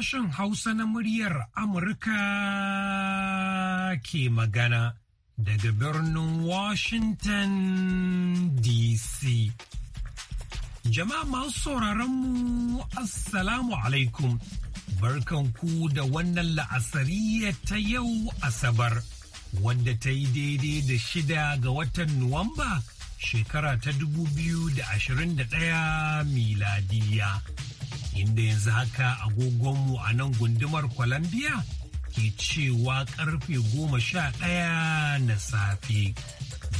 sashen Hausa na muryar Amurka ke magana daga birnin Washington DC. Jama'a masu sauraronmu Assalamu alaikum, barkanku da wannan la'asariya ta yau Asabar, wanda ta yi daidai da shida ga watan Nuwamba shekara ta 2021 miladiya. inda yanzu haka agogonmu a nan gundumar Colombia ke cewa karfe goma sha ɗaya na safe.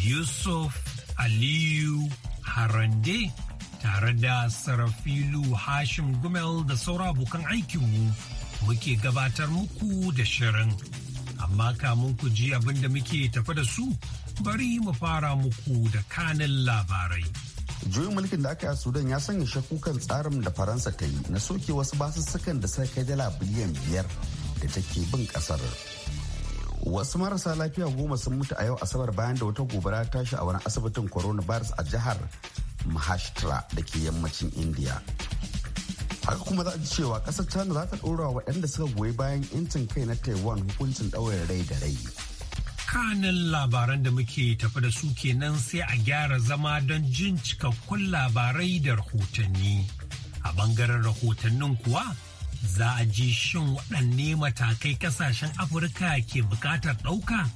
Yusuf Aliyu Harande tare da Sarafilu Hashim Gumel da saura abokan aikinmu muke gabatar muku da shirin. Amma kamun ku ji abin da muke tafi da su bari mu fara muku da kanin labarai. juyin mulkin da aka yi a sudan ya sanya shakukan kan tsarin da faransa ta yi na soke wasu basussukan da sai kai dala biliyan biyar da take bin kasar wasu marasa lafiya goma sun mutu a yau asabar bayan da wata gobara tashi a wani asibitin coronavirus a jihar mahashtra da ke yammacin india haka kuma za a ji cewa kasar china za ta ɗora waɗanda suka goyi bayan 'yancin kai na taiwan hukuncin ɗaurin rai da rai kanin labaran da muke tafi da su kenan sai a gyara zama don jin cikakkun labarai da rahotanni. A bangaren rahotannin kuwa za a ji shin waɗanne matakai ƙasashen Afirka ke buƙatar ɗauka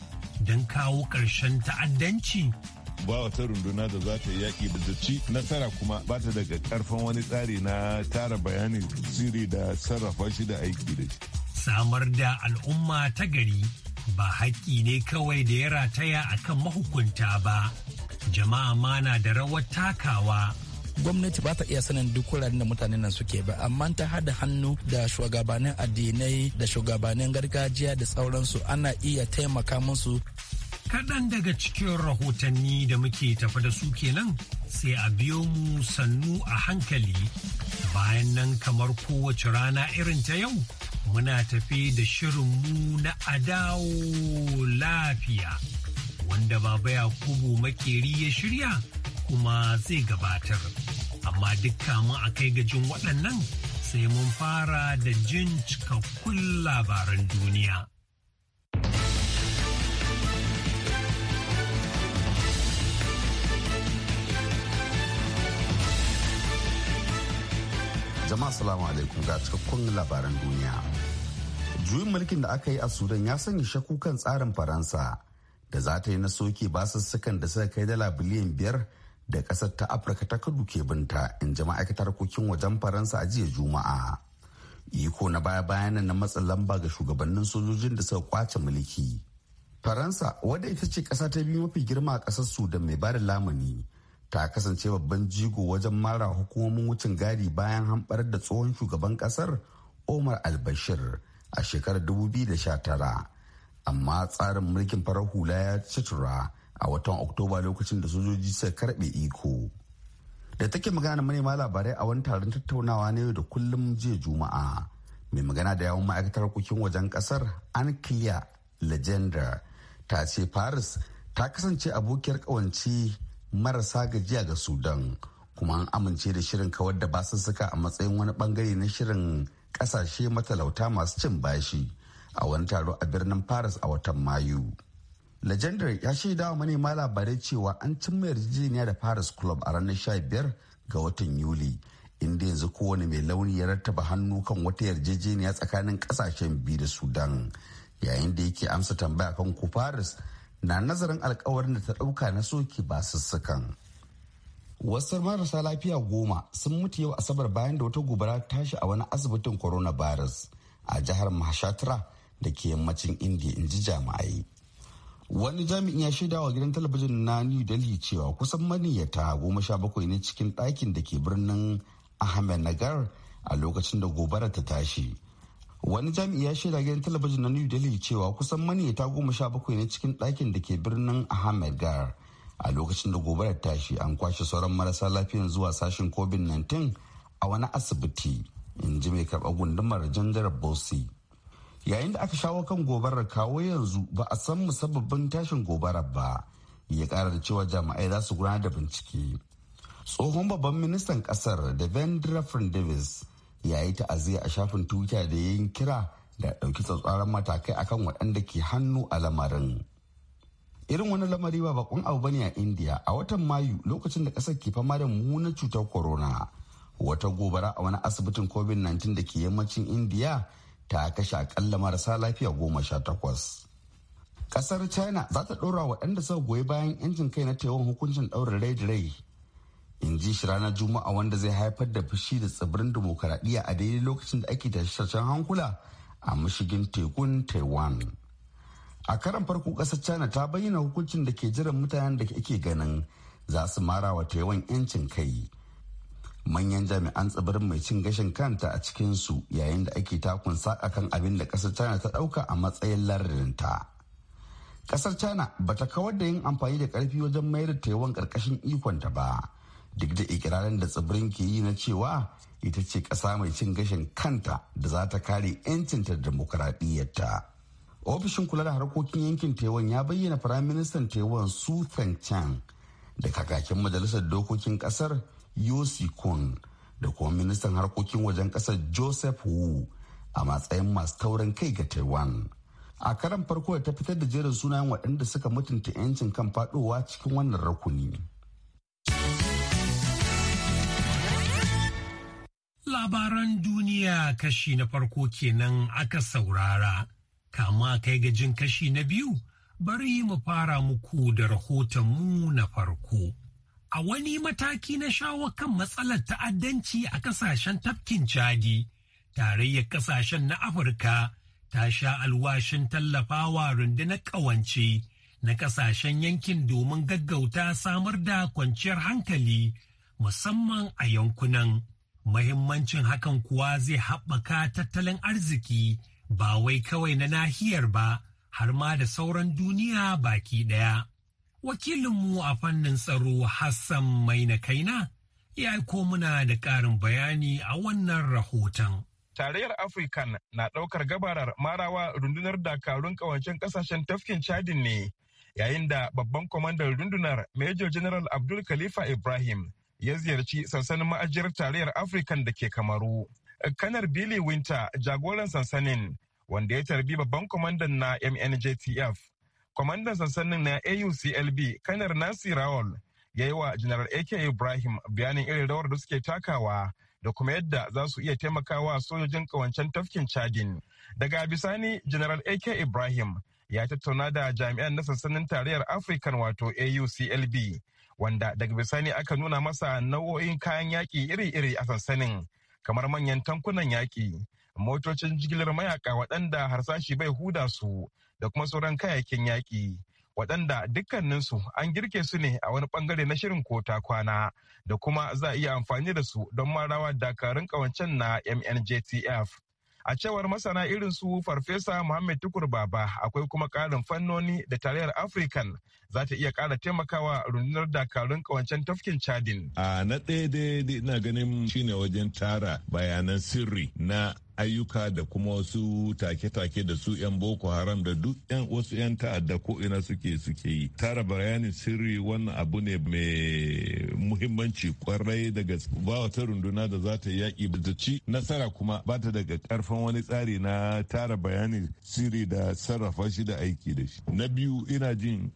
don kawo ƙarshen ta'addanci. ba wata runduna da za ta yi yaƙi da ci nasara kuma ba ta daga ƙarfin wani tsari na tara bayanin siri da sarrafa shi da aiki da shi. Samar da al'umma ta gari ba haƙƙi ne kawai da ya rataya a kan mahukunta ba jama'a ma na da rawar takawa gwamnati ba ta iya sanin duk wuraren da mutanen nan suke ba amma ta hada hannu da shugabannin addinai da shugabannin gargajiya da sauransu ana iya taimaka musu kaɗan daga cikin rahotanni da muke tafa da su kenan sai a biyo mu sannu a hankali bayan nan kamar kowace rana irin ta yau muna tafi da shirin mu na adawo lafiya wanda baba yakubu makeri ya shirya kuma zai gabatar amma dukka mu a kai gajin waɗannan sai mun fara da jin cikakkun labaran duniya. jama'a salamu alaikum ga cikakkun labaran duniya juyin mulkin da aka yi a sudan ya sanya shakku kan tsarin faransa da za ta yi na soke basussukan da suka kai dala biliyan biyar da kasar ta afirka ta kudu ke binta in ji ma'aikatar harkokin wajen faransa a jiya juma'a iko na baya bayanan na matsin lamba ga shugabannin sojojin da suka kwace mulki faransa wadda ita ce kasa ta biyu mafi girma a kasar sudan mai bada lamuni ta kasance babban jigo wajen mara hukumomin wucin gadi bayan hamɓar da tsohon shugaban ƙasar omar albashir a shekarar 2019 amma tsarin mulkin farar hula ya citura a watan oktoba lokacin da sojoji suka karbe iko da take magana manema labarai a wani taron tattaunawa na yau da kullum jiya juma'a mai magana da yawon ma'aikatar harkokin wajen kasar ankliya legenda ta ce paris ta kasance abokiyar kawance marasa gajiya ga sudan kuma an amince da shirin kawar da basussuka a matsayin wani bangare na shirin kasashe matalauta masu cin bashi a wani taro a birnin paris a watan mayu Legendary ya shaida wa manema labarai cewa an cimma yarjejeniya da paris club a ranar 15 ga watan yuli inda yanzu kowane mai launi ya rattaba hannu kan wata yarjejeniya tsakanin kasashen biyu da sudan yayin da yake amsa tambaya kan ku paris na nazarin alkawarin da ta ɗauka na soke basussukan. Wasu marasa lafiya goma sun mutu yau Asabar bayan da wata gobara ta tashi a wani asibitin coronavirus a jihar Mahashatra da ke yammacin india in ji jami'ai. Wani jami'in ya shaida wa gidan talabijin na New Delhi cewa kusan maniyyata goma sha bakwai ne cikin ɗakin da ke birnin Ahmednagar a lokacin da gobara ta tashi wani jami'i ya shaida gidan talabijin na new delhi cewa kusan mani maniyata goma sha bakwai ne cikin ɗakin da ke birnin ahmedgar a lokacin da gobarar tashi an kwashe sauran marasa lafiyan zuwa sashen covid-19 a wani asibiti in ji mai karɓar gundumar janjarar bosi yayin da aka shawo kan gobarar kawo yanzu ba a san musabbabin tashin gobarar ba ya ƙara da cewa jami'ai za su gudanar da bincike tsohon babban ministan ƙasar devendra davis. ya yi ta'aziyya a shafin twitter da yin kira da ɗauki tsatsaran matakai akan waɗanda ke hannu a lamarin irin wani lamari ba bakon abu bane a india a watan mayu lokacin da ƙasar ke fama da mummunar cutar corona wata gobara a wani asibitin covid-19 da ke yammacin india ta kashe akalla marasa lafiya goma sha takwas ƙasar china za ta ɗora waɗanda suka goyi bayan 'yancin kai na taiwan hukuncin ɗaurin rai da rai in ji shi ranar juma'a wanda zai haifar da fushi da tsibirin dimokuraɗiyya a daidai lokacin da ake tashe hankula a mashigin tekun taiwan a karan farko ƙasar china ta bayyana hukuncin da ke jiran mutanen da ake ganin za su mara wa taiwan 'yancin kai manyan jami'an tsibirin mai cin gashin kanta a cikin su yayin da ake takun saƙa kan abin da kasar china ta ɗauka a matsayin lardinta ƙasar china bata kawar da yin amfani da karfi wajen mayar da taiwan ƙarƙashin ikonta ba duk da ikirarin da tsibirin ke yi na cewa ita ce ƙasa mai cin gashin kanta da za ta kare 'yancinta da demokuraɗiyyarta. ofishin kula da harkokin yankin taiwan ya bayyana firaministan taiwan su chan da kakakin majalisar dokokin kasar yosi kun da kuma ministan harkokin wajen kasar joseph wu a matsayin masu taurin kai ga taiwan a karan farko da ta fitar da jerin sunayen waɗanda suka mutunta 'yancin kan faɗowa cikin wannan rukuni. Labaran duniya kashi na farko kenan aka saurara, kama kai gajin kashi na biyu bari mu fara muku da rahotonmu na farko. A wani mataki na shawo kan matsalar ta'addanci a ƙasashen tafkin Chadi, tarayyar ƙasashen na Afirka ta sha alwashin tallafawa rundunar ƙawance na ƙasashen yankin domin gaggauta samar da kwanciyar hankali musamman a yankunan Mahimmancin hakan kuwa zai haɓaka tattalin arziki ba wai kawai na nahiyar ba har ma da sauran duniya baki ɗaya. Wakilinmu a fannin tsaro Hassan Mai na kaina ya aiko muna da ƙarin bayani a wannan rahoton. Tarayyar African na ɗaukar gabarar marawa rundunar dakarun ƙawancen ƙasashen tafkin Chadin ne, yayin da babban kwamandan rundunar Major General Abdul Khalifa Ibrahim ya ziyarci sansanin ma'ajiyar tarayyar Afirkan da ke Kamaru. Kanar Billy Winter jagoran sansanin wanda ya tarbi babban kwamandan na MNJTF. Kwamandan sansanin na AUCLB Kanar Nancy Rawal ya yi wa Janar AK Ibrahim bayanin irin rawar da suke takawa da kuma yadda za su iya taimakawa sojojin kawancen tafkin Chadin. Daga bisani Janar AK Ibrahim ya tattauna da jami'an na sansanin tarayyar Afirkan wato AUCLB wanda daga bisani aka nuna masa nau'o'in kayan yaƙi iri-iri a sansanin kamar manyan tankunan yaƙi motocin jigilar mayaka waɗanda harsashi bai huda su da kuma sauran kayayyakin yaƙi waɗanda dukkaninsu an girke su ne a wani ɓangare na shirin kota kwana da kuma za a iya amfani da su don marawa dakarun ƙawancen na mnjtf A cewar masana irin su Farfesa Muhammad Tukur Baba akwai kuma ƙarin fannoni da tarayyar African za ta iya ƙara taimakawa rundunar dakarun ƙawancen tafkin Chadin. A na ɗaya dai ina ganin shine wajen tara bayanan sirri na ayyuka da kuma wasu take-take da su 'yan boko haram da duk 'yan wasu 'yan ta'adda ko ina suke suke yi tara bayanin sirri wannan abu ne mai muhimmanci kwarai daga ba wata runduna da za ta yaƙi da ci nasara kuma ba ta daga karfin wani tsari na tara bayanin sirri da sarrafa shi da aiki da shi na biyu ina jin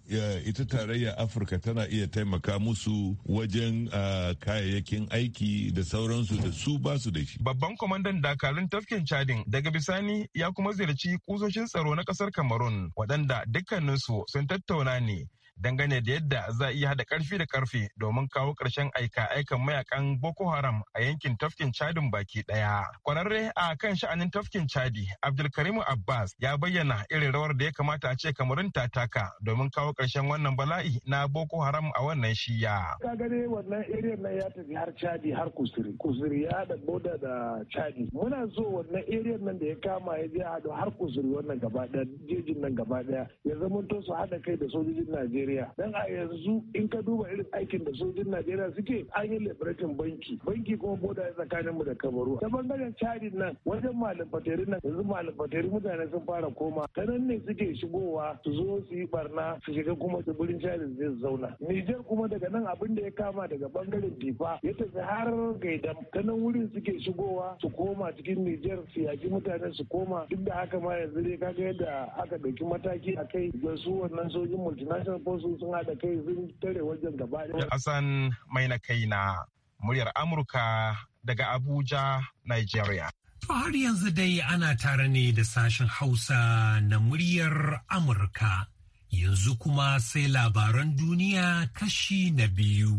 ita tarayya afirka tana iya taimaka musu wajen ah, kayayyakin aiki da sauransu da su ba su da shi babban kwamandan dakarun tafkin Chadin daga bisani ya kuma ziyarci kusoshin tsaro na kasar Cameroon waɗanda dukkaninsu sun tattauna ne dangane da yadda za a iya hada karfi da karfe domin kawo karshen aika-aikan mayakan Boko Haram a yankin tafkin Chadin baki ɗaya. Kwararre a kan sha'anin tafkin Chadi, Abdulkarim Abbas ya bayyana irin rawar da ya kamata a ce kamarin ta taka domin kawo karshen wannan bala'i na Boko Haram a wannan shiya. Ka gane wannan nan ya tafi har Chadi har Kusuri. Kusuri ya boda da Chadi. Muna so wannan area nan da ya kama ya je har Kusuri wannan gaba nan gaba ya zama to su haɗa kai da sojojin Najeriya. Najeriya. Dan a yanzu in ka duba irin aikin da sojin Najeriya suke an yi liberatin banki. Banki kuma boda ya tsakanin mu da kabaru Ta bangaren Chadin nan wajen malam nan yanzu malam mutane sun fara koma. Kanan ne suke shigowa su zo su yi barna su shiga kuma su burin Chadin zai zauna. Nijar kuma daga nan abin da ya kama daga bangaren Difa ya tafi har Gaidam. Ta wurin suke shigowa su koma cikin Nijar su yaki mutane su koma duk da haka ma yanzu dai kaga yadda aka ɗauki mataki a kai ga su wannan sojin multinational su sun haɗa kai sun tare wajen gaba ɗaya. Hassan mai na kai na muryar Amurka daga Abuja, Nigeria. To har yanzu dai ana tare ne da sashen Hausa na muryar Amurka. Yanzu kuma sai labaran duniya kashi na biyu.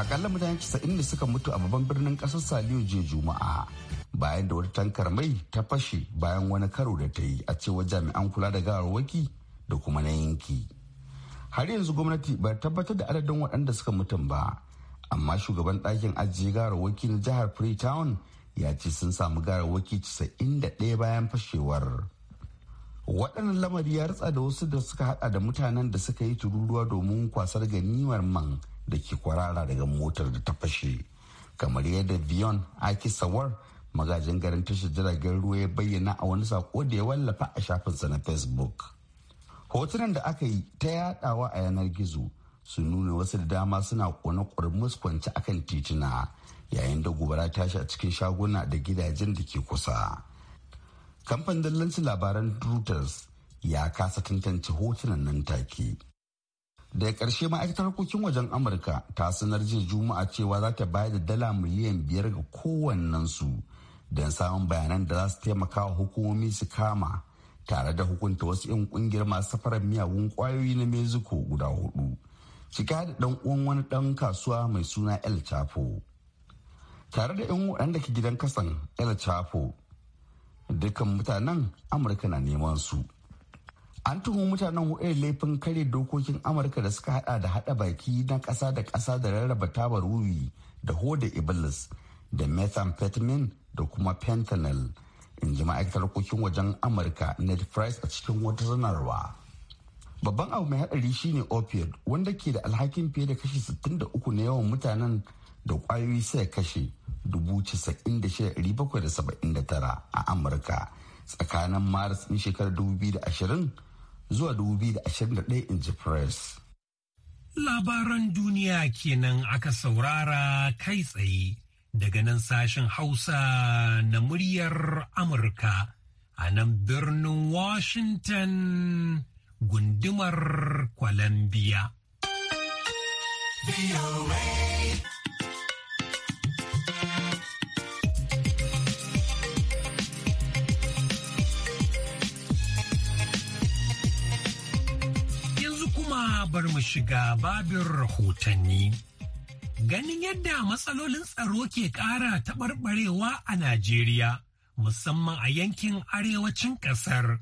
Akalla mutane 90 ne suka mutu a babban birnin ƙasar Saliyo jiya Juma'a. bayan da wata tankar mai ta fashe bayan wani karo da ta yi a cewa jami'an kula da gawarwaki da kuma na yanki har yanzu gwamnati ba tabbatar da adadin waɗanda suka mutum ba amma shugaban ɗakin ajiye gawarwaki na jihar freetown ya ce sun samu da ɗaya bayan fashewar waɗannan lamari ya ritsa da wasu da suka haɗa da mutanen da suka yi tururuwa domin kwasar ganimar man da ke kwarara daga motar da ta fashe kamar yadda bion aki sawar magajin garin tashar jiragen ruwa ya bayyana a wani sako da ya wallafa a shafinsa na facebook hotunan da aka yi ta yadawa a yanar gizo su nuna wasu da dama suna kone kurmus a kan tituna yayin da gobara tashi a cikin shaguna da gidajen da ke kusa kamfanin dallancin labaran reuters ya kasa tantance hotunan nan take daga ƙarshe ma'aikatar harkokin wajen amurka ta sanar jiya juma'a cewa za ta bayar da dala miliyan biyar ga kowannensu don samun bayanan da za su taimaka wa hukumomi su kama tare da hukunta wasu 'yan kungiyar masu safarar miyagun kwayoyi na mexico guda hudu cika da dan uwan wani dan kasuwa mai suna el chapo tare da 'yan waɗanda ke gidan kasan el chapo dukkan mutanen amurka na neman su an tuhu mutanen hudu laifin kare dokokin amurka da suka hada da hada baki na ƙasa da ƙasa da rarraba tabar wuri da hoda iblis da methamphetamine da kuma fentanyl in ji ma'aikatar harkokin wajen amurka ned price a cikin wata sanarwa babban abu mai hadari shine opioid wanda ke da alhakin fiye da kashi 63 na yawan mutanen da kwayoyi sai kashe 96,779 a amurka tsakanin maris din shekarar 2020 zuwa 2021 in ji press labaran duniya kenan aka saurara kai tsaye daga nan sashen Hausa na muryar Amurka a nan birnin Washington gundumar Columbia. Yanzu kuma bar mu shiga babin rahotanni. Ganin yadda matsalolin tsaro ke ƙara taɓarɓarewa a Najeriya, musamman a yankin arewacin ƙasar,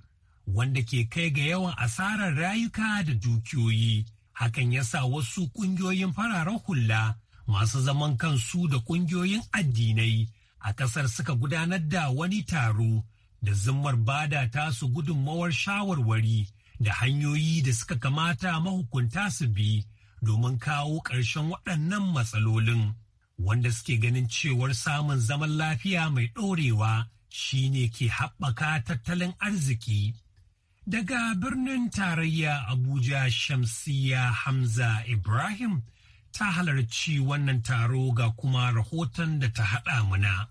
wanda ke kai ga yawan asarar rayuka da dukiyoyi. Hakan ya sa wasu ƙungiyoyin fararen hula masu zaman kansu da ƙungiyoyin addinai a ƙasar suka gudanar da wani taro da zimmar bada tasu gudunmawar shawarwari da hanyoyi da suka kamata mahukunta su bi. domin kawo ƙarshen waɗannan matsalolin wanda suke ganin cewar samun zaman lafiya mai ɗorewa shine ke haɓaka tattalin arziki. Daga birnin tarayya Abuja Shamsiya Hamza Ibrahim ta halarci wannan taro ga kuma rahoton da ta haɗa mana.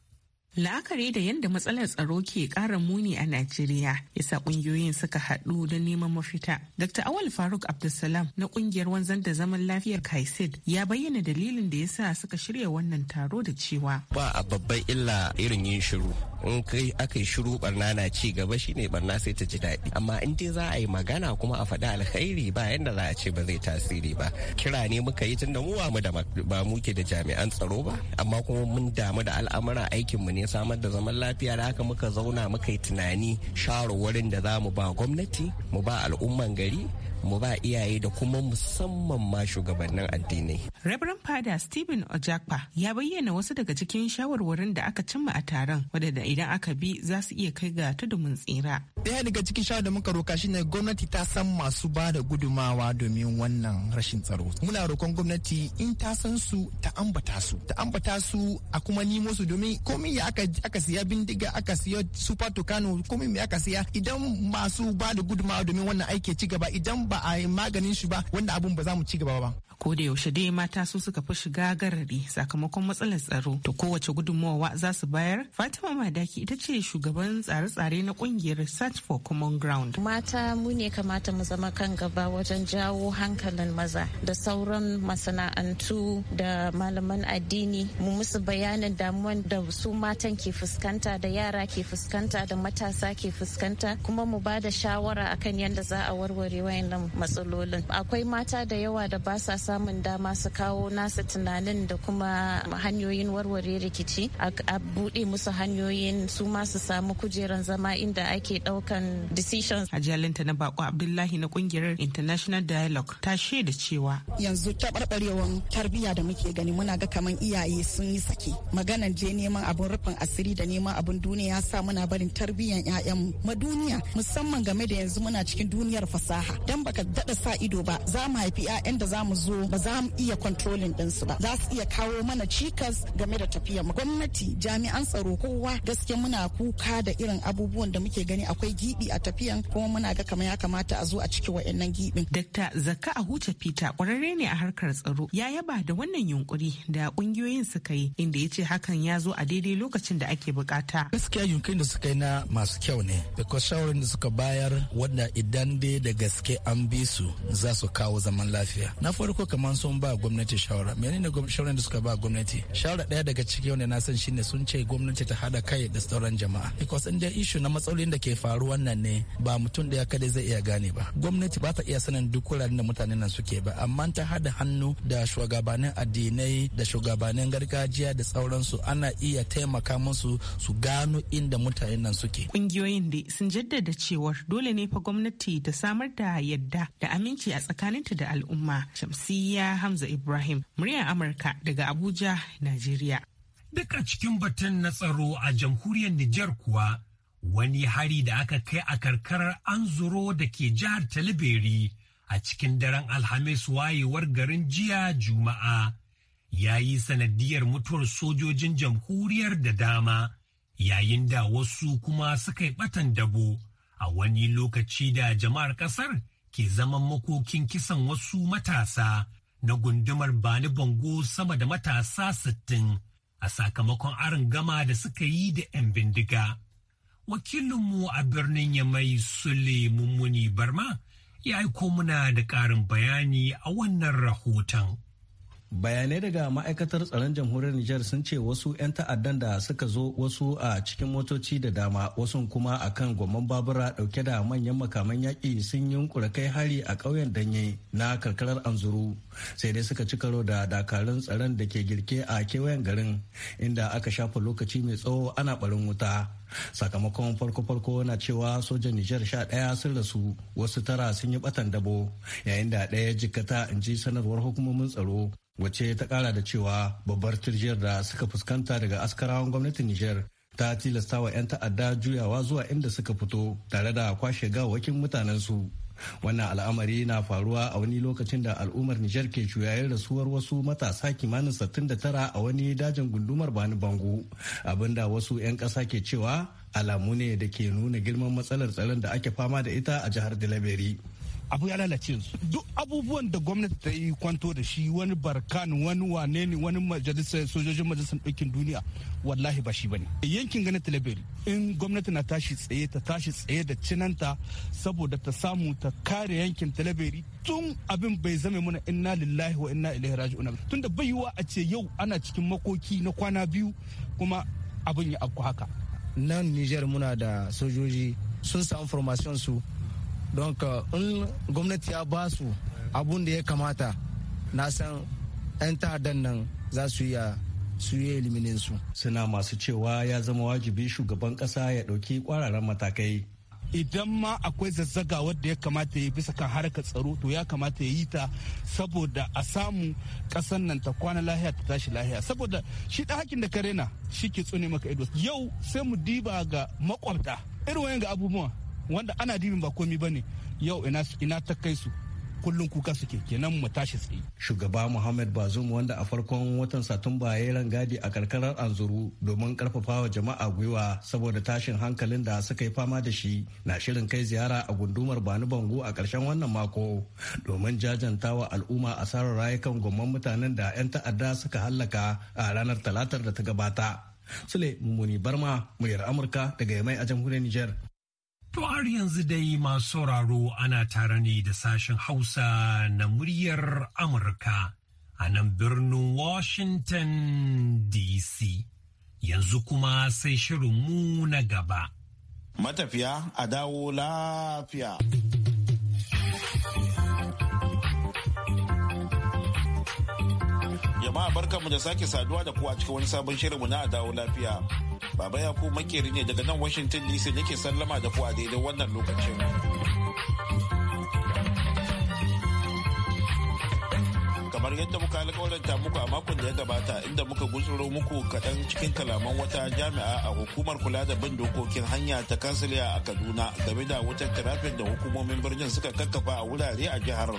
La'akari da yadda matsalar tsaro ke kara muni a Najeriya yasa ƙungiyoyin suka haɗu don neman mafita. Dr. Awal Faruk Abdulsalam na ƙungiyar wanzan da zaman lafiyar Kaisid ya bayyana dalilin da yasa suka shirya wannan taro da cewa. Ba a babban illa irin yin shiru. In kai aka yi shiru barna na ci gaba shine barna sai ta ji daɗi. Amma in dai za a yi magana kuma a faɗi alkhairi ba yadda za a ce ba zai tasiri ba. Kira ne muka yi tunda mu ba mu da muke da jami'an tsaro ba amma kuma mun damu da al'amura aikinmu ne ya samar da zaman lafiya da haka muka zauna muka yi tunani shawarwarin da za mu ba gwamnati mu ba al'umman gari mu ba iyaye da kuma musamman ma shugabannin addinai. Reverend Fada Stephen Ojakpa ya bayyana wasu daga cikin shawarwarin da aka cimma a taron wadanda idan aka bi za su iya kai ga tudumin tsira. Daya daga cikin shawarwarin da muka roka shi ne gwamnati ta san masu ba da gudumawa domin wannan rashin tsaro. Muna roƙon gwamnati in ta san su ta ambata su, ta ambata su a kuma nimo su domin komai ya aka siya bindiga aka siya super tokano komai me aka siya idan masu ba da gudumawa domin wannan aiki ci gaba idan ba ba a yi maganin shi ba wanda abun ba za mu ci gaba ba. ko da yaushe dai mata su suka fi shiga garari sakamakon matsalar tsaro to kowace gudunmawa za su bayar fatima madaki ita ce shugaban tsare-tsare na kungiyar research for common ground mata mu ne kamata mu zama kan gaba wajen jawo hankalin maza da sauran masana'antu da malaman addini mu musu bayanin damuwan da su matan ke fuskanta da yara ke fuskanta da matasa ke fuskanta kuma mu ba da shawara akan yadda za a warware wayannan matsalolin akwai mata da yawa da ba sa samun dama su kawo nasa tunanin da kuma hanyoyin warware rikici a buɗe musu hanyoyin su ma su samu kujeran zama inda ake ɗaukan decisions. Hajiyalinta na bako Abdullahi na kungiyar International Dialogue ta shaida cewa. Yanzu taɓarɓarewar tarbiyya da muke gani muna ga kaman iyaye sun yi sake. Maganan je neman abun rufin asiri da neman abun duniya ya sa muna barin tarbiyyan ƴaƴan mu duniya musamman game da yanzu muna cikin duniyar fasaha. Dan baka daɗa sa ido ba za mu haifi ƴaƴan da za mu zo tsaro ba za mu iya kontrolin ɗinsu ba za su iya kawo mana cikas game da tafiya mu gwamnati jami'an tsaro kowa gaskiya muna kuka da irin abubuwan da muke gani akwai gibi a tafiyan kuma muna ga kamar ya kamata a zo a ciki wa'annan gibin. Dakta Zakka Ahuja Peter kwararre ne a harkar tsaro ya yaba da wannan yunkuri da ƙungiyoyin suka yi inda ya ce hakan ya zo a daidai lokacin da ake bukata. Gaskiya yunkurin da suka yi na masu kyau ne because shawarin da suka bayar wanda idan dai da gaske an bi su za su kawo zaman lafiya. Na farko kamar sun ba gwamnati shawara menene shawara da suka ba gwamnati shawara daya daga ciki wanda na san shine sun ce gwamnati ta hada kai da sauran jama'a because in da issue na matsalolin da ke faru wannan ne ba mutum daya kada zai iya gane ba gwamnati ba ta iya sanin duk wuraren da mutanen nan suke ba amma ta hada hannu da shugabannin addinai da shugabannin gargajiya da sauransu ana iya taimaka musu su gano inda mutanen nan suke kungiyoyin da sun jaddada cewar dole ne fa gwamnati ta samar da yadda da aminci a tsakaninta da al'umma shamsi siya Hamza Ibrahim, muryar Amurka daga Abuja, Najeriya. Duka cikin batun na tsaro a jamhuriyar Nijar kuwa wani hari da aka kai a karkarar Anzuro da ke jihar Talibiri a cikin daren Alhamis wayewar garin jiya Juma'a ya yi sanadiyar mutuwar sojojin jamhuriyar da dama yayin da wasu kuma suka yi batan dabo a wani lokaci da jama'ar kasar ke zaman makokin kisan wasu matasa na gundumar Bani Bango sama da matasa sittin a sakamakon arin gama da suka yi da 'yan bindiga. Wakilinmu a birnin Yamai Sule Mummuni Barma ya aiko muna da ƙarin bayani a wannan rahoton. bayanai daga ma'aikatar tsaron jamhuriyar Nijar sun ce wasu 'yan ta'addan da suka zo wasu a cikin motoci da dama wasu kuma a kan gwamman babura dauke da manyan makaman yaƙi sun yi kai hari a ƙauyen danye na karkarar anzuru sai dai suka ci karo da dakarun tsaron da ke girke a kewayen garin inda aka shafa lokaci mai tsawo ana barin wuta sakamakon farko-farko na cewa sojan Nijar sha ɗaya sun rasu wasu tara sun yi ɓatan dabo yayin da ɗaya jikkata in ji sanarwar hukumomin tsaro wacce ta kara da cewa babbar turjiyar da suka fuskanta daga askarawan gwamnatin Nijar ta tilasta wa 'yan ta'adda juyawa zuwa inda suka fito tare da kwashe gawakin mutanensu. Wannan al'amari na faruwa a wani lokacin da al'ummar Nijar ke juyayen rasuwar wasu matasa kimanin da sattin tara a wani dajin gundumar Bani Bango, abinda wasu 'yan ƙasa ke cewa alamu ne da ke nuna girman matsalar tsaron da ake fama da ita a jihar Delaberi. abu ya lalace su duk abubuwan da gwamnati ta yi kwanto da shi wani barkan wani wane ne wani majalisar sojojin majalisar ɗaukin duniya wallahi ba shi bane yankin ganin talabiri in gwamnati na tashi tsaye ta tashi tsaye da cinanta saboda ta samu ta kare yankin talabiri tun abin bai zame muna inna lillahi wa inna ilaihi raji'un tun da baiwa a ce yau ana cikin makoki na kwana biyu kuma abin ya afku haka nan Niger muna da sojoji sun samu formation su don ka euh, in gwamnati ya ba su abun da ya kamata na san 'yan ta'addan nan za su iya su yi eliminin su suna masu cewa ya zama wajibi shugaban kasa ya ɗauki kwararan matakai idan ma akwai zazzaga wadda ya kamata ya bisa kan harkar tsaro to ya kamata ya yi ta saboda a samu kasan nan ta kwana lahiya ta tashi lahiya saboda shi da hakin da karena shi ke tsone maka ido yau sai mu diba ga makwabta irin wayan ga abubuwa wanda ana dibin ba komi bane yau ina ta kai su kullum kuka suke kenan mu tashi tsaye. Shugaba Muhammad Bazoum wanda a farkon watan Satumba ya yi rangadi a karkarar Anzuru domin karfafawa jama'a gwiwa saboda tashin hankalin da suka yi fama da shi na shirin kai ziyara a gundumar Bani Bango a karshen wannan mako domin jajantawa al'umma a sarar rayukan gomman mutanen da 'yan ta'adda suka hallaka a ranar talatar da ta gabata. Sule Muni Barma, muryar Amurka daga Yamai a jamhuriyar Nijar. To har yanzu dai masu sauraro ana tare ne da sashen Hausa na muryar Amurka a nan birnin Washington DC. Yanzu kuma sai shirinmu na gaba. Matafiya a dawo lafiya. Jama'a barkanmu da sake saduwa da kuwa cikin wani sabon shirinmu na a dawo lafiya. Baba Yakubu makeri ne daga nan Washington DC nake sallama da ku a daidai wannan lokacin. kamar yadda muka alƙawarta muku a makon da ya gabata inda muka gutsuro muku kaɗan cikin kalaman wata jami'a a hukumar kula da bin dokokin hanya ta kansiliya a kaduna game da wutar tirafin da hukumomin birnin suka kakkafa a wurare a jihar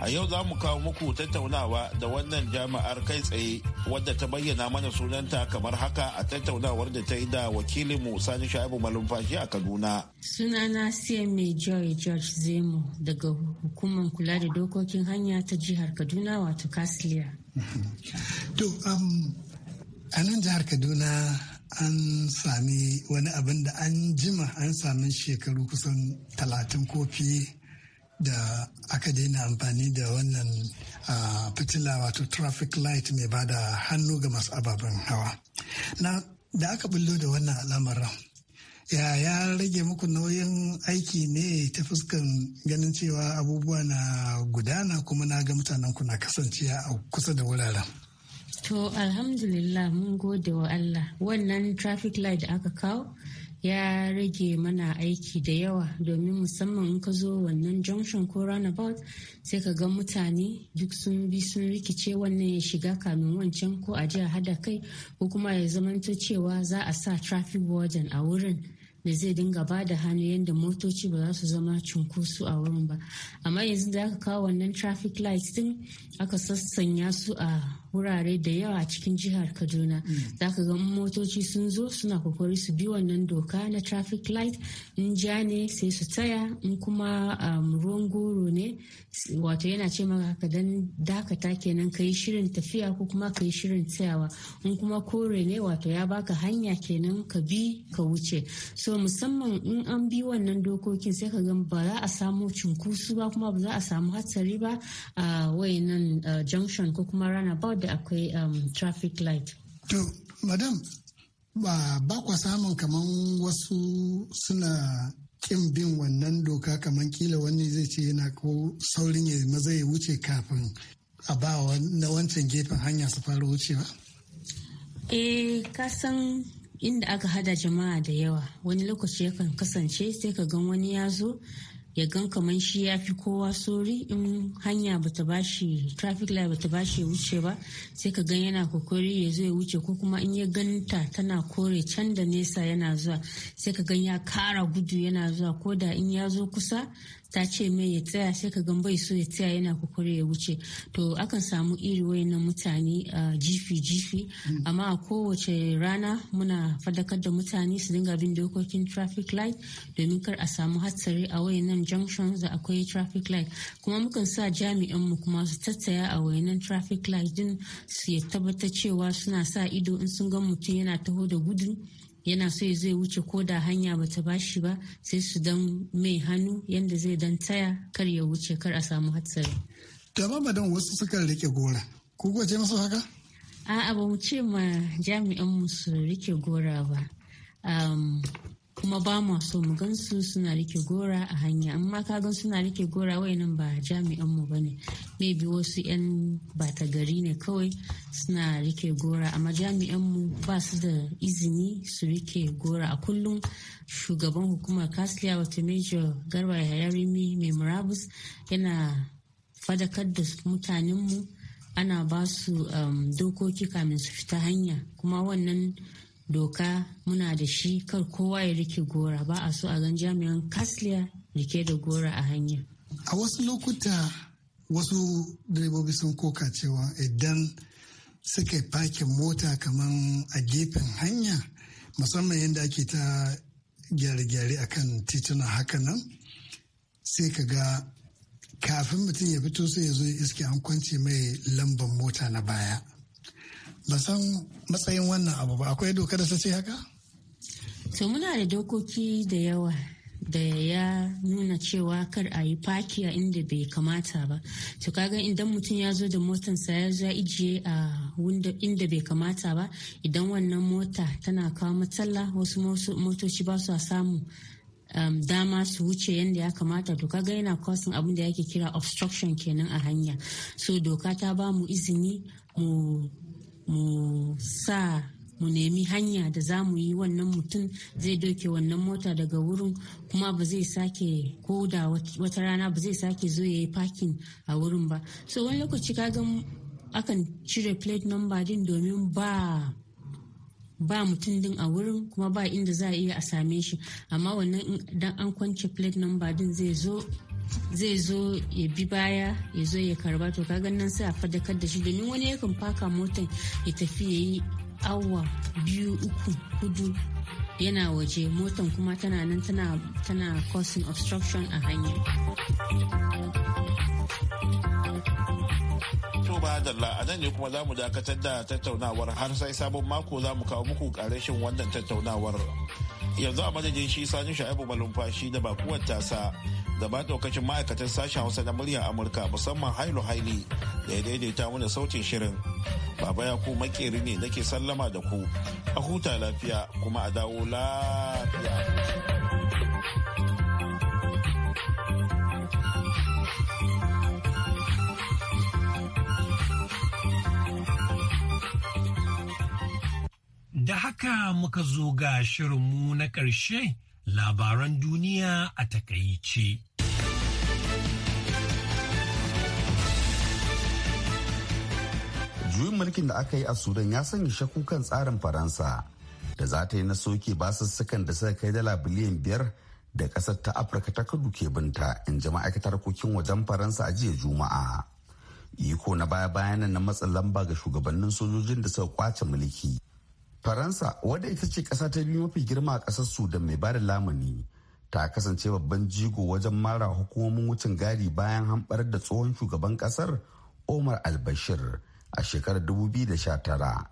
A yau za mu kawo muku tattaunawa da wannan jami'ar kai tsaye wadda ta bayyana mana sunanta kamar haka a tattaunawar da ta yi da wakilinmu Sani Sha'ibu Malumfashi a Kaduna. Sunana CMA Joy George Zemo daga hukumar kula da dokokin hanya ta jihar Kaduna wato Kasliya. To, um, a nan jihar Kaduna an sami wani abin da an jima an sami shekaru kusan talatin ko fiye da aka daina amfani da wannan fitila wato traffic light mai ba da hannu ga masu ababen hawa na da aka bullo da wannan alamar, ya ya rage muku nauyin aiki ne ta fuskan ganin cewa abubuwa na gudana kuma na ga mutanen ku na kasancewa a kusa da wuraren To alhamdulillah mun gode wa Allah wannan traffic light da aka kawo ya rage mana aiki da yawa domin musamman in ka zo wannan junction ko runabout sai ka ga mutane duk sun bi sun rikice wannan ya shiga kamin wancan ko a jiya hada kai ko kuma ya zamanto cewa za a sa traffic warden a wurin da zai dinga ba da hannu yadda motoci ba za su zama cunkoso a wurin ba amma yanzu da aka kawo wannan traffic lights din aka sassanya su a wurare da yawa a cikin jihar kaduna mm. za ka ga motoci sun zo suna kokari su bi wannan doka na traffic light in ja ne sai su tsaya in kuma um, ruwan goro ne wato yana ce maka ka dan dakata kenan ka yi shirin tafiya ko kuma ka yi shirin tsayawa in kuma kore ne wato ya baka hanya kenan ka bi ka wuce so musamman in an bi wannan dokokin sai ka ga ba za a samu cunkusu ba kuma ba za a samu hatsari ba a wayannan uh, junction ko kuma runabout da akwai um, traffic light. To, madam, ba, ba kwa samun kaman wasu suna kin bin wannan doka kaman kila wani zai ce yana ko saurin ya maza ya wuce kafin a ba na wancan gefen hanya su fara wucewa? Eh, kasan inda aka hada jama'a da yawa wani lokaci yakan kasance sai ka gan wani ya zo ya gan kamar shi ya fi kowa sori in hanya bata bashi traffic light bata bashi ya wuce ba sai ka gan yana kokari ya zo ya wuce ko kuma in ya ganta tana kore can da nesa yana zuwa sai ka gan ya kara gudu yana zuwa ko da in ya zo kusa ta ce mai ya tsaya sai ka gan bai so ya tsaya yana kukure ya wuce to akan samu iri wayannan mutane a jifi jifi mm. amma a kowace rana muna fadakar da mutane su dinga bin dokokin traffic light domin kar a samu hatsari a wayannan junctions da akwai traffic light kuma mukan sa jami'an mu kuma su tattaya a wayannan traffic light din su ya tabbatar cewa suna sa ido in sun ga mutum yana taho da gudun yana so ya zai wuce ko da hanya bata bashi ba sai su dan mai hannu yadda zai dan taya kar ya wuce kar a samu hatsari. Gaba don wasu sukan rike gora. Ku gwaje masu haka? A'a ba mu ce ma jami'an mu su rike gora ba. kuma ba mu so mu gansu suna rike gora a hanya amma ka gan suna rike gora wayannan ba jami'an mu bane bi wasu yan bata gari ne kawai suna rike gora amma jami'an mu ba su da izini su rike gora a kullum shugaban hukumar kasliya wata major garba yayarimi mai murabus yana fadakar da mutanenmu ana ba su um, dokoki kamin su fita hanya kuma wannan doka muna da shi kar kowa ya rike gora ba a so a gan jami'an kasliya rike da gora a hanya a wasu lokuta wasu direbobi sun koka cewa idan suka fakin mota kamar a gefen hanya musamman yadda ake ta gyare-gyare akan tituna haka nan sai ka ga kafin mutum ya fito sai ya zo iske an kwance mai lambar mota na baya ba san matsayin wannan abu ba akwai doka da ta ce haka to muna da dokoki da yawa da ya nuna cewa kar a yi faki a inda bai kamata ba to kaga idan mutum ya zo da motansa ya zo ijiye a inda bai kamata ba idan wannan mota tana kawo matsala wasu motoci ba su samu um, dama su wuce yadda ya kamata to kaga yana kwasin abin da yake kira obstruction kenan a hanya so doka ta ba mu izini mu mu sa mu nemi hanya da za mu yi wannan mutum zai doke wannan mota daga wurin kuma ba zai sake ko da wata rana ba zai sake zo ya yi parking a wurin ba so wani lokaci kaga akan cire plate number din domin ba ba mutum din a wurin kuma ba inda za a iya a same shi amma wannan dan an kwance plate number din zai zo zai zo ya bi baya ya zo ya karba to kaga nan sai a fadakar da shi domin wani yakan faka motan ya tafi ya yi awa biyu uku hudu yana waje motan kuma tana nan tana causing obstruction a hanya ba dalla a nan ne kuma za mu dakatar da tattaunawar har sai sabon mako za mu kawo muku ƙarashin wannan tattaunawar yanzu a madadin shi sani sha'ibu malumfashi da bakuwar tasa da ba daukacin ma'aikatan sashen hausa na muryar amurka musamman hailu haili da ya daidaita mana sautin shirin baba ya ku makeri ne nake sallama da ku a huta lafiya kuma a dawo lafiya Da haka muka zo ga shirinmu na ƙarshe labaran duniya a takaice. Juyin mulkin da aka yi a Sudan ya sanya shakku kan tsarin Faransa da za ta yi na soke basussukan da suka kai dala biliyan biyar da ƙasar ta Afirka ta kudu ke binta in ji ma'aikatar harkokin wajen Faransa a jiya Juma'a. Iko na baya-bayanan na matsin lamba ga shugabannin sojojin da suka kwace mulki. faransa wadda ita ce ƙasa ta biyu mafi girma a ƙasar sudan mai bada lamuni ta kasance babban jigo wajen mara hukumomin wucin gadi bayan hamɓar da tsohon shugaban kasar omar albashir a shekarar 2019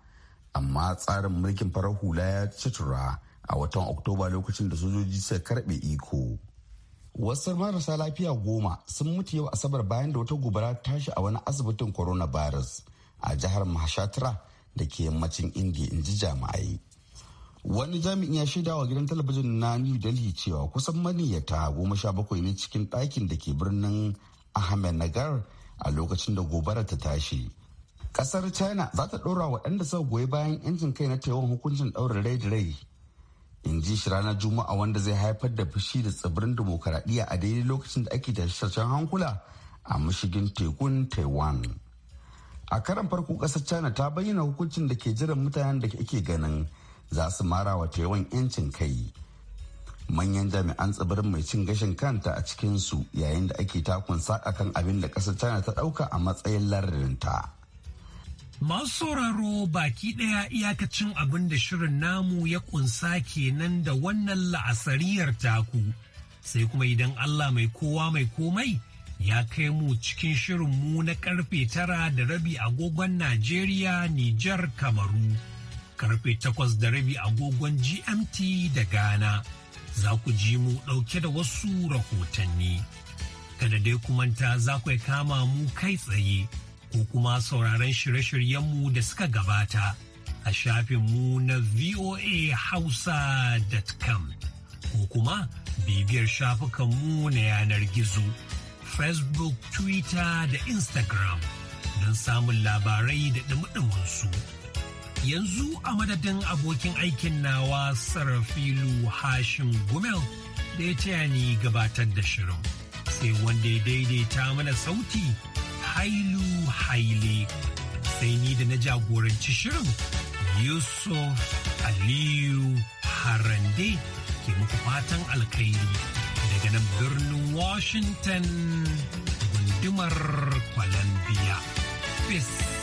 amma tsarin mulkin farar hula ya citura a watan oktoba lokacin da sojoji suka karbe iko wasu marasa lafiya goma sun mutu yau asabar bayan da wata gobara tashi a wani asibitin coronavirus a jihar mashatra da ke yammacin indiya in ji jami'ai wani jami'in ya shaida wa gidan talabijin na new delhi cewa kusan maniyyata goma sha bakwai ne cikin ɗakin da ke birnin ahmednagar a lokacin da gobara ta tashi ƙasar china za ta ɗora waɗanda suka goyi bayan yancin kai na taiwan hukuncin ɗaurin rai da rai in ji shi ranar juma'a wanda zai haifar da fushi da tsibirin dimokuraɗiyya a daidai lokacin da ake tashe hankula a mashigin tekun taiwan a karan farko kasar china ta bayyana hukuncin da ke jiran mutanen da ake ganin za su mara wa yawan 'yancin kai manyan jami'an tsibirin mai cin gashin kanta a cikinsu yayin da ake takun a kan abin da ƙasar china ta ɗauka a matsayin lardinta. masu sauraro baki ɗaya iyakacin abin da shirin namu ya ƙunsa kenan da wannan la'asariyar taku sai kuma idan allah mai kowa mai komai ya kai mu cikin shirin mu na karfe tara da rabi agogon Najeriya, Nijar, Kamaru, karfe takwas da rabi agogon GMT da Ghana. Za ku ji mu ɗauke da wasu rahotanni. Kada dai kumanta za ku kama mu kai tsaye ko kuma sauraron shirye shiryen mu da suka gabata a shafinmu na voahausa.com ko kuma bibiyar shafukan mu na yanar gizo. facebook twitter da instagram don samun labarai da su. yanzu a madadin abokin aikin nawa sarafilu hashim gumel da ya taya ni gabatar da shirin sai wanda ya daidaita mana sauti hailu haile sai ni da na jagoranci shirin yusuf aliyu harande ke muku fatan alkhairi. daga nan birnin Washington, gundumar Columbia. Peace.